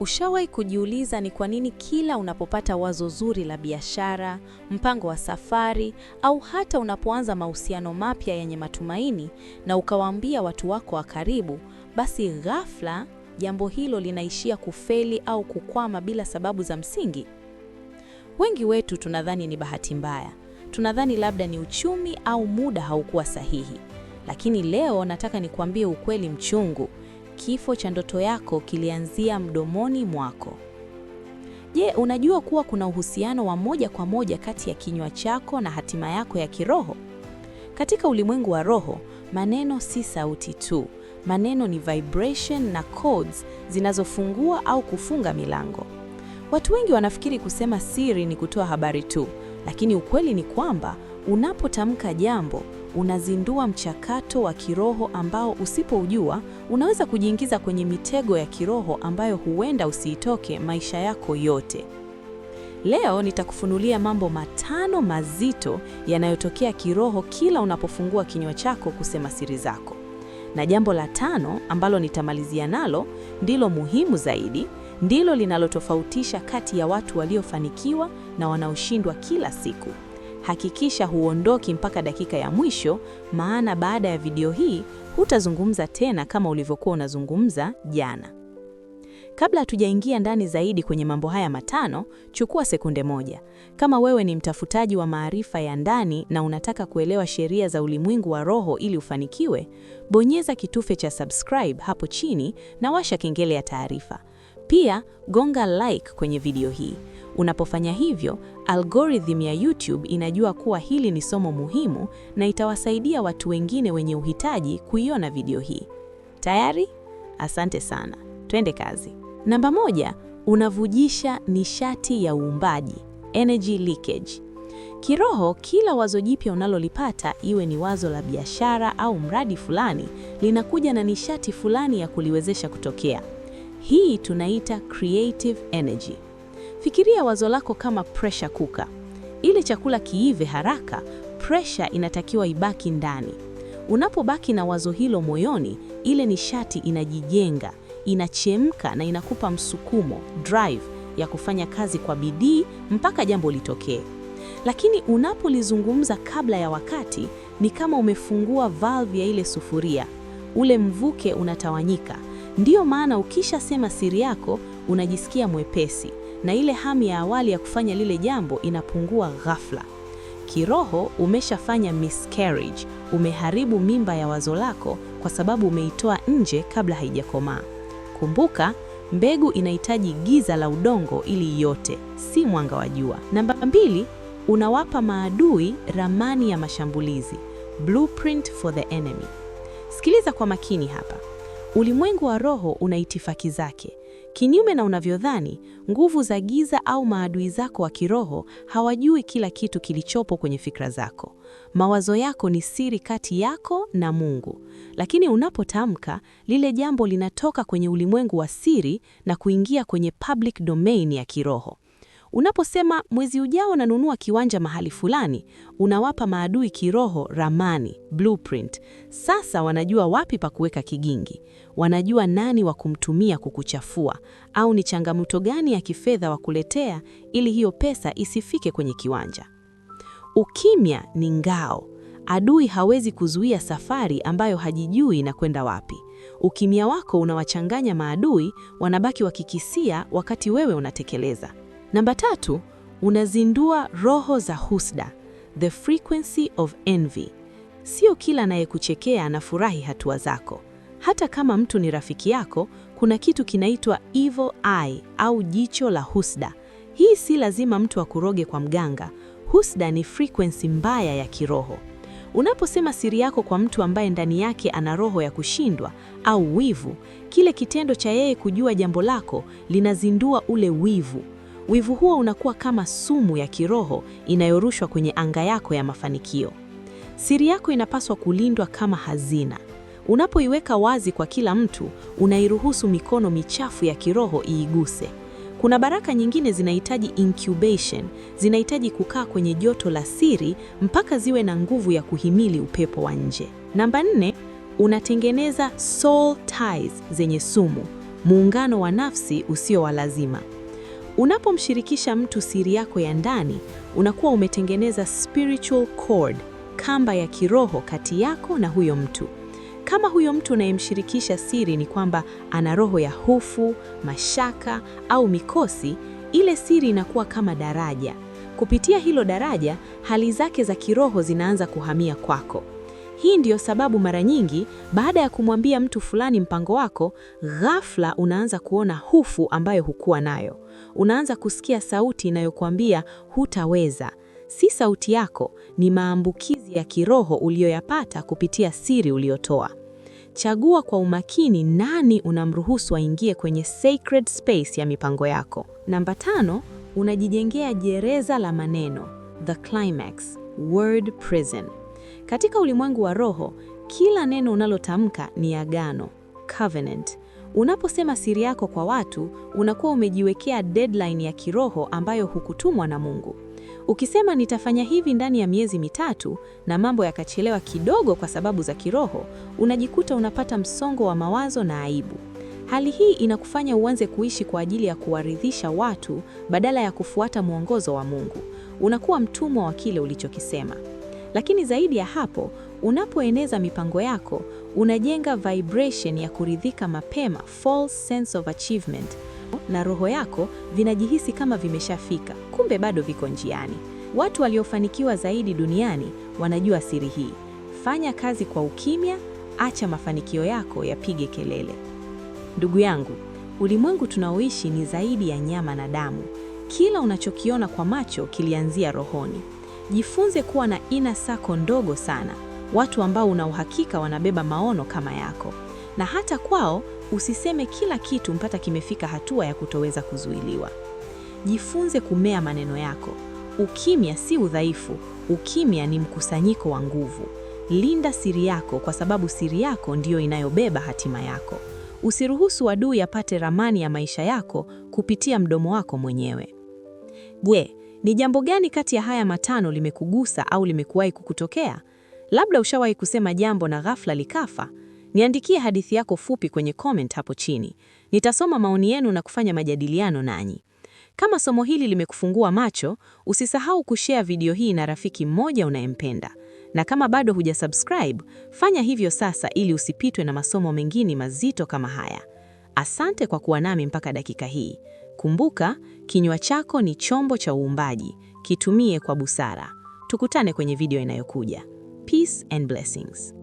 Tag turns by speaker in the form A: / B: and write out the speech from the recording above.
A: Ushawahi kujiuliza ni kwa nini kila unapopata wazo zuri la biashara, mpango wa safari au hata unapoanza mahusiano mapya yenye matumaini na ukawaambia watu wako wa karibu, basi ghafla jambo hilo linaishia kufeli au kukwama bila sababu za msingi? Wengi wetu tunadhani ni bahati mbaya. Tunadhani labda ni uchumi au muda haukuwa sahihi. Lakini leo nataka nikuambie ukweli mchungu kifo cha ndoto yako kilianzia mdomoni mwako. Je, unajua kuwa kuna uhusiano wa moja kwa moja kati ya kinywa chako na hatima yako ya kiroho? Katika ulimwengu wa roho, maneno si sauti tu. Maneno ni vibration na codes zinazofungua au kufunga milango. Watu wengi wanafikiri kusema siri ni kutoa habari tu, lakini ukweli ni kwamba unapotamka jambo, unazindua mchakato wa kiroho ambao usipoujua unaweza kujiingiza kwenye mitego ya kiroho ambayo huenda usiitoke maisha yako yote. Leo nitakufunulia mambo matano mazito yanayotokea kiroho kila unapofungua kinywa chako kusema siri zako. Na jambo la tano ambalo nitamalizia nalo ndilo muhimu zaidi, ndilo linalotofautisha kati ya watu waliofanikiwa na wanaoshindwa kila siku. Hakikisha huondoki mpaka dakika ya mwisho, maana baada ya video hii hutazungumza tena kama ulivyokuwa unazungumza jana. Kabla hatujaingia ndani zaidi kwenye mambo haya matano, chukua sekunde moja. Kama wewe ni mtafutaji wa maarifa ya ndani na unataka kuelewa sheria za ulimwengu wa roho ili ufanikiwe, bonyeza kitufe cha subscribe hapo chini na washa kengele ya taarifa. Pia gonga like kwenye video hii. Unapofanya hivyo, algorithm ya YouTube inajua kuwa hili ni somo muhimu na itawasaidia watu wengine wenye uhitaji kuiona video hii. Tayari? Asante sana. Twende kazi. Namba moja, unavujisha nishati ya uumbaji, energy leakage. Kiroho, kila wazo jipya unalolipata iwe ni wazo la biashara au mradi fulani, linakuja na nishati fulani ya kuliwezesha kutokea. Hii tunaita creative energy. Fikiria wazo lako kama pressure cooker. Ili chakula kiive haraka, pressure inatakiwa ibaki ndani. Unapobaki na wazo hilo moyoni, ile nishati inajijenga, inachemka na inakupa msukumo, drive ya kufanya kazi kwa bidii mpaka jambo litokee. Lakini unapolizungumza kabla ya wakati, ni kama umefungua valve ya ile sufuria. Ule mvuke unatawanyika, Ndiyo maana ukishasema siri yako unajisikia mwepesi na ile hamu ya awali ya kufanya lile jambo inapungua ghafla. Kiroho umeshafanya miscarriage, umeharibu mimba ya wazo lako kwa sababu umeitoa nje kabla haijakomaa. Kumbuka, mbegu inahitaji giza la udongo ili yote, si mwanga wa jua. Namba mbili, unawapa maadui ramani ya mashambulizi, blueprint for the enemy. Sikiliza kwa makini hapa. Ulimwengu wa roho una itifaki zake. Kinyume na unavyodhani, nguvu za giza au maadui zako wa kiroho hawajui kila kitu kilichopo kwenye fikra zako. Mawazo yako ni siri kati yako na Mungu, lakini unapotamka lile jambo linatoka kwenye ulimwengu wa siri na kuingia kwenye public domain ya kiroho. Unaposema mwezi ujao nanunua kiwanja mahali fulani, unawapa maadui kiroho ramani, blueprint. Sasa wanajua wapi pa kuweka kigingi, wanajua nani wa kumtumia kukuchafua, au ni changamoto gani ya kifedha wa kuletea ili hiyo pesa isifike kwenye kiwanja. Ukimya ni ngao. Adui hawezi kuzuia safari ambayo hajijui na kwenda wapi. Ukimya wako unawachanganya maadui, wanabaki wakikisia wakati wewe unatekeleza. Namba tatu, unazindua roho za husda, the frequency of envy. Sio kila anayekuchekea anafurahi hatua zako. Hata kama mtu ni rafiki yako, kuna kitu kinaitwa evil eye au jicho la husda. Hii si lazima mtu akuroge kwa mganga. Husda ni frequency mbaya ya kiroho. Unaposema siri yako kwa mtu ambaye ndani yake ana roho ya kushindwa au wivu, kile kitendo cha yeye kujua jambo lako linazindua ule wivu. Wivu huo unakuwa kama sumu ya kiroho inayorushwa kwenye anga yako ya mafanikio. Siri yako inapaswa kulindwa kama hazina. Unapoiweka wazi kwa kila mtu, unairuhusu mikono michafu ya kiroho iiguse. Kuna baraka nyingine zinahitaji incubation, zinahitaji kukaa kwenye joto la siri mpaka ziwe na nguvu ya kuhimili upepo wa nje. Namba nne, unatengeneza soul ties zenye sumu, muungano wa nafsi usio wa lazima. Unapomshirikisha mtu siri yako ya ndani, unakuwa umetengeneza spiritual cord, kamba ya kiroho kati yako na huyo mtu. Kama huyo mtu unayemshirikisha siri ni kwamba ana roho ya hofu, mashaka au mikosi, ile siri inakuwa kama daraja. Kupitia hilo daraja, hali zake za kiroho zinaanza kuhamia kwako. Hii ndiyo sababu mara nyingi baada ya kumwambia mtu fulani mpango wako, ghafla unaanza kuona hofu ambayo hukuwa nayo. Unaanza kusikia sauti inayokuambia hutaweza. Si sauti yako, ni maambukizi ya kiroho uliyoyapata kupitia siri uliyotoa. Chagua kwa umakini nani unamruhusu aingie kwenye sacred space ya mipango yako. Namba tano, unajijengea jereza la maneno, the climax, word prison. Katika ulimwengu wa roho, kila neno unalotamka ni agano, covenant. Unaposema siri yako kwa watu, unakuwa umejiwekea deadline ya kiroho ambayo hukutumwa na Mungu. Ukisema nitafanya hivi ndani ya miezi mitatu na mambo yakachelewa kidogo kwa sababu za kiroho, unajikuta unapata msongo wa mawazo na aibu. Hali hii inakufanya uanze kuishi kwa ajili ya kuwaridhisha watu badala ya kufuata mwongozo wa Mungu. Unakuwa mtumwa wa kile ulichokisema. Lakini zaidi ya hapo, unapoeneza mipango yako, unajenga vibration ya kuridhika mapema, false sense of achievement, na roho yako vinajihisi kama vimeshafika, kumbe bado viko njiani. Watu waliofanikiwa zaidi duniani wanajua siri hii. Fanya kazi kwa ukimya, acha mafanikio yako yapige kelele. Ndugu yangu, ulimwengu tunaoishi ni zaidi ya nyama na damu. Kila unachokiona kwa macho kilianzia rohoni. Jifunze kuwa na ina sako ndogo sana, watu ambao una uhakika wanabeba maono kama yako, na hata kwao usiseme kila kitu mpaka kimefika hatua ya kutoweza kuzuiliwa. Jifunze kumea maneno yako. Ukimya si udhaifu, ukimya ni mkusanyiko wa nguvu. Linda siri yako, kwa sababu siri yako ndiyo inayobeba hatima yako. Usiruhusu adui apate ramani ya maisha yako kupitia mdomo wako mwenyewe. Bwe, ni jambo gani kati ya haya matano limekugusa au limekuwahi kukutokea? Labda ushawahi kusema jambo na ghafla likafa. Niandikie hadithi yako fupi kwenye comment hapo chini. Nitasoma maoni yenu na kufanya majadiliano nanyi. Kama somo hili limekufungua macho, usisahau kushare video hii na rafiki mmoja unayempenda. Na kama bado hujasubscribe, fanya hivyo sasa ili usipitwe na masomo mengine mazito kama haya. Asante kwa kuwa nami mpaka dakika hii. Kumbuka, kinywa chako ni chombo cha uumbaji, kitumie kwa busara. Tukutane kwenye video inayokuja. Peace and blessings.